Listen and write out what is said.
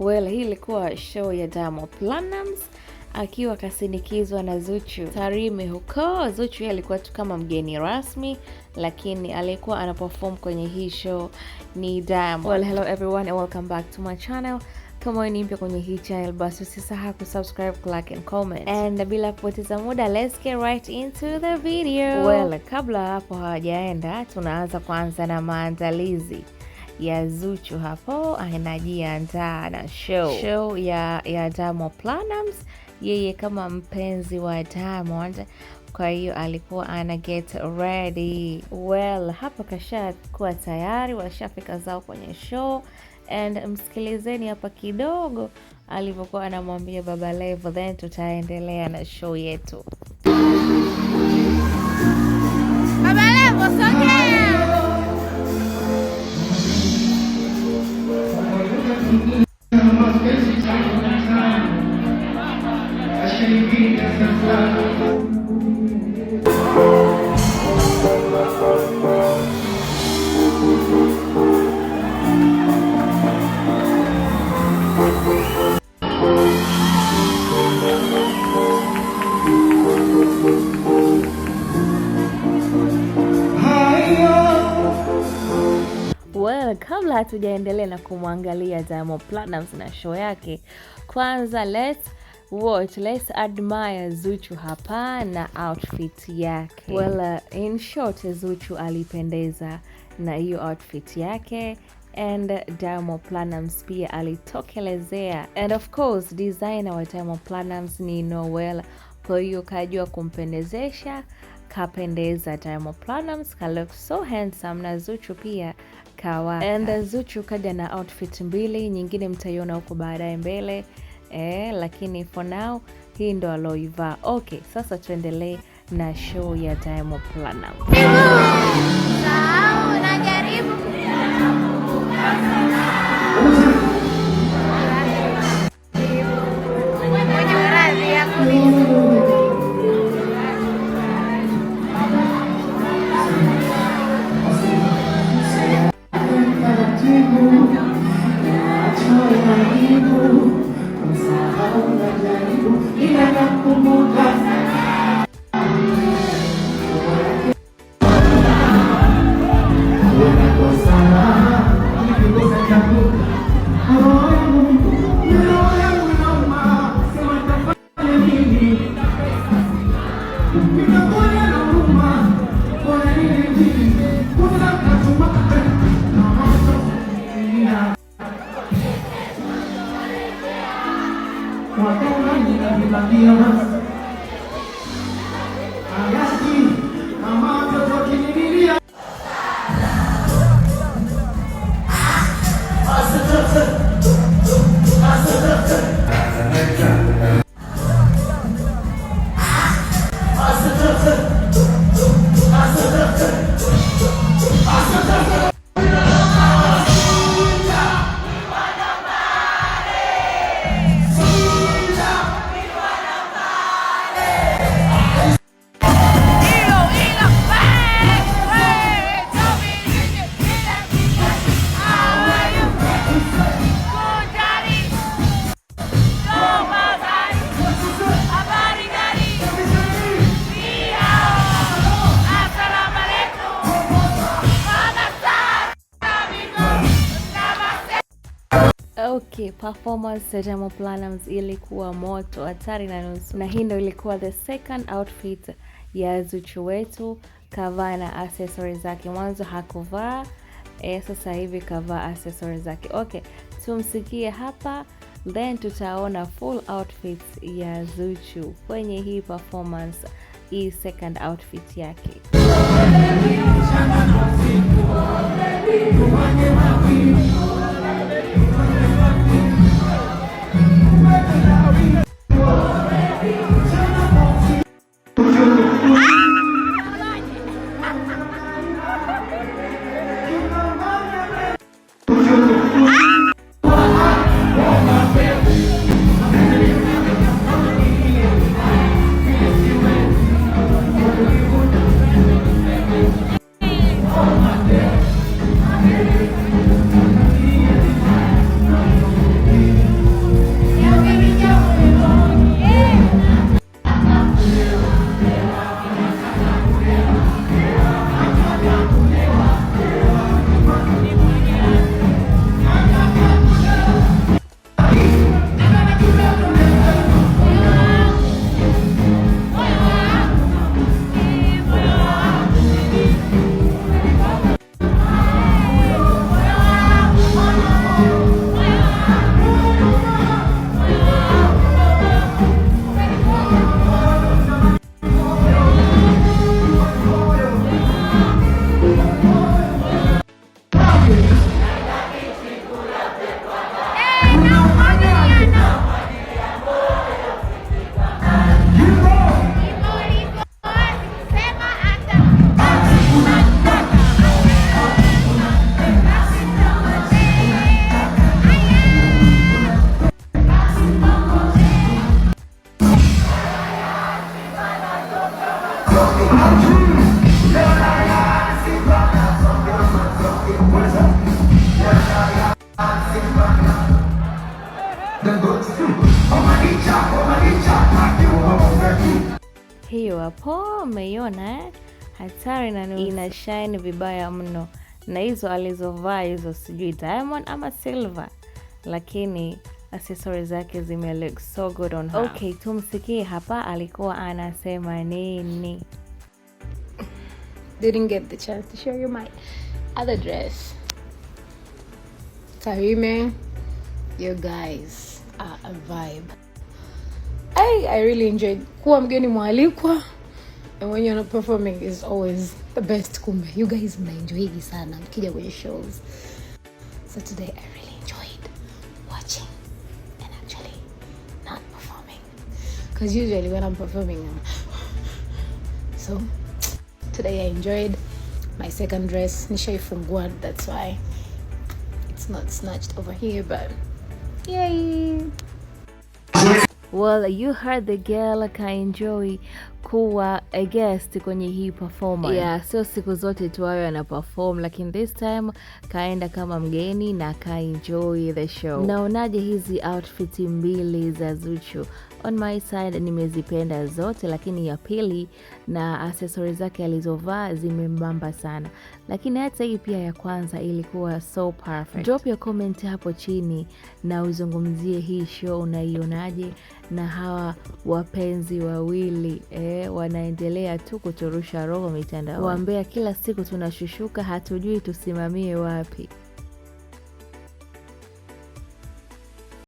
Well, hii ilikuwa show ya Diamond Platnumz akiwa akasindikiziwa na Zuchu Tarime huko. Zuchu alikuwa tu kama mgeni rasmi, lakini alikuwa anaperform kwenye hii show ni Diamond. Well, hello everyone and welcome back to my channel. Kama ni mpya kwenye hii channel, basi usisahau kusubscribe, like and comment. And bila kupoteza muda, let's get right into the video. Well, kabla hapo hawajaenda, tunaanza kwanza na maandalizi ya Zuchu hapo anajiandaa na show, show ya, ya Diamond Platnumz yeye kama mpenzi wa Diamond kwa hiyo alikuwa ana get ready well, hapa kashakuwa tayari, washafika zao kwenye show and msikilizeni hapa kidogo alivyokuwa anamwambia Baba Levo, then tutaendelea na show yetu. Bwana, kabla hatujaendelea na kumwangalia Diamond Platnumz na show yake, kwanza let's watch, let's admire Zuchu hapa na outfit yake. Well, uh, in short Zuchu alipendeza na hiyo outfit yake and Diamond Platnumz pia alitokelezea, and of course designer wa Diamond Platnumz ni Noel, kwa hiyo kajua kumpendezesha kapendeza. Diamond Platnumz ka look so handsome na Zuchu pia kawa. And uh, Zuchu kaja na outfit mbili, nyingine mtaiona huko baadaye mbele eh, lakini for now hii ndo aloivaa. Okay, sasa tuendelee na show ya Diamond Platnumz. ¡Gracias! la campeão. Okay, performance ya Diamond ilikuwa moto hatari na nusu, na hii ndo ilikuwa the second outfit ya Zuchu wetu. Kavaa na accessories zake, mwanzo hakuvaa e, sasa hivi kavaa accessories zake. Okay, tumsikie hapa, then tutaona full outfit ya Zuchu kwenye hii performance, hii second outfit yake Hiyo hapo umeiona eh? Hatari na ina shine vibaya mno, na hizo alizovaa hizo sijui diamond ama silver, lakini accessories zake zime look so good on her. Okay, tumsikie hapa alikuwa anasema nini. Didn't get the chance to show you my other dress. you guys are a vibe. I, I really enjoyed kuwa mgeni mwalikwa and when you're not performing it's always the best. Kumbe you guys may mnaenjoyigi sana mkija your shows, so today I really enjoyed watching and actually not performing because usually when I'm performing I'm so today I enjoyed my second dress. from Guad, that's why it's not snatched over here, but Yay. Well, you heard the girl kaenjoy kuwa a guest kwenye hii performance. Yeah, sio siku zote tu ayo ana perform, lakini this time kaenda kama mgeni na kaenjoy the show. Naonaje hizi outfit mbili za Zuchu? On My Side nimezipenda zote, lakini ya pili na accessories zake alizovaa zimembamba sana, lakini hata hii pia ya kwanza ilikuwa so perfect. Drop your comment hapo chini na uzungumzie hii show unaionaje, na hawa wapenzi wawili eh, wanaendelea tu kuturusha roho mitandao Waambea kila siku tunashushuka, hatujui tusimamie wapi.